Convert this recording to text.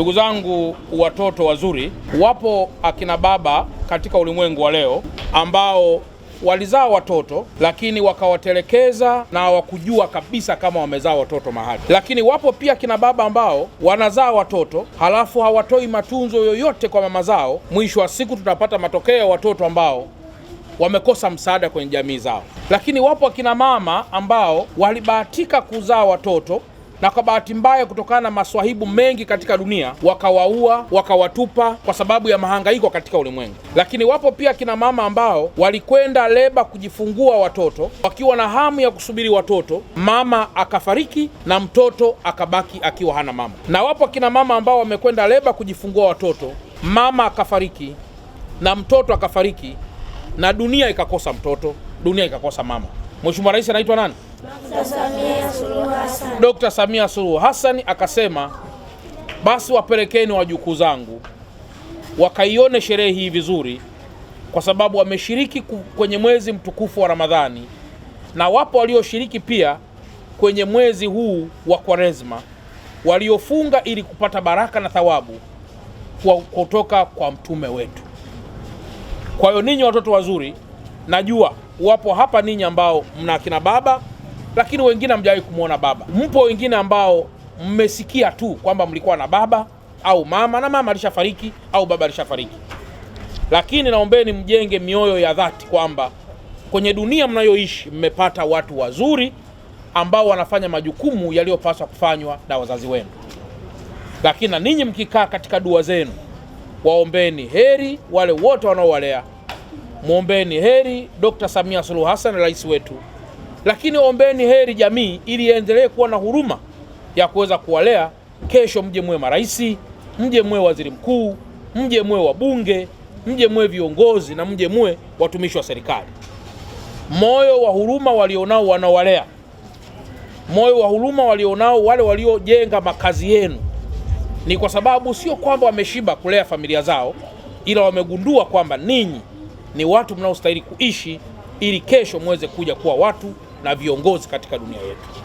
Ndugu zangu, watoto wazuri wapo, akina baba katika ulimwengu wa leo ambao walizaa watoto lakini wakawatelekeza na hawakujua kabisa kama wamezaa watoto mahali. Lakini wapo pia kina baba ambao wanazaa watoto halafu hawatoi matunzo yoyote kwa mama zao. Mwisho wa siku tunapata matokeo ya watoto ambao wamekosa msaada kwenye jamii zao. Lakini wapo akina mama ambao walibahatika kuzaa watoto na kwa bahati mbaya, kutokana na maswahibu mengi katika dunia, wakawaua wakawatupa kwa sababu ya mahangaiko katika ulimwengu. Lakini wapo pia kina mama ambao walikwenda leba kujifungua watoto wakiwa na hamu ya kusubiri watoto, mama akafariki na mtoto akabaki akiwa hana mama. Na wapo kina mama ambao wamekwenda leba kujifungua watoto, mama akafariki na mtoto akafariki, na dunia ikakosa mtoto, dunia ikakosa mama. Mheshimiwa Rais anaitwa nani? Dr. Samia Suluhu Hassan akasema basi wapelekeni wajukuu zangu wakaione sherehe hii vizuri, kwa sababu wameshiriki kwenye mwezi mtukufu wa Ramadhani na wapo walioshiriki pia kwenye mwezi huu wa Kwaresma waliofunga ili kupata baraka na thawabu kwa kutoka kwa mtume wetu. Kwa hiyo ninyi watoto wazuri, najua wapo hapa ninyi ambao mna akina baba lakini wengine hamjawahi kumwona baba. Mpo wengine ambao mmesikia tu kwamba mlikuwa na baba au mama, na mama alishafariki au baba alishafariki, lakini naombeni mjenge mioyo ya dhati kwamba kwenye dunia mnayoishi mmepata watu wazuri ambao wanafanya majukumu yaliyopaswa kufanywa na wazazi wenu. Lakini na ninyi mkikaa katika dua zenu, waombeni heri wale wote wanaowalea, mwombeni heri Dr. Samia Suluhu Hassan, rais wetu lakini ombeni heri jamii ili iendelee kuwa na huruma ya kuweza kuwalea. Kesho mje mwe marais, mje mwe waziri mkuu, mje mwe wabunge, mje mwe viongozi na mje mwe watumishi wa serikali. Moyo wa huruma walionao wanawalea, moyo wa huruma walionao wale waliojenga makazi yenu, ni kwa sababu sio kwamba wameshiba kulea familia zao, ila wamegundua kwamba ninyi ni watu mnaostahili kuishi ili kesho muweze kuja kuwa watu na viongozi katika dunia yetu.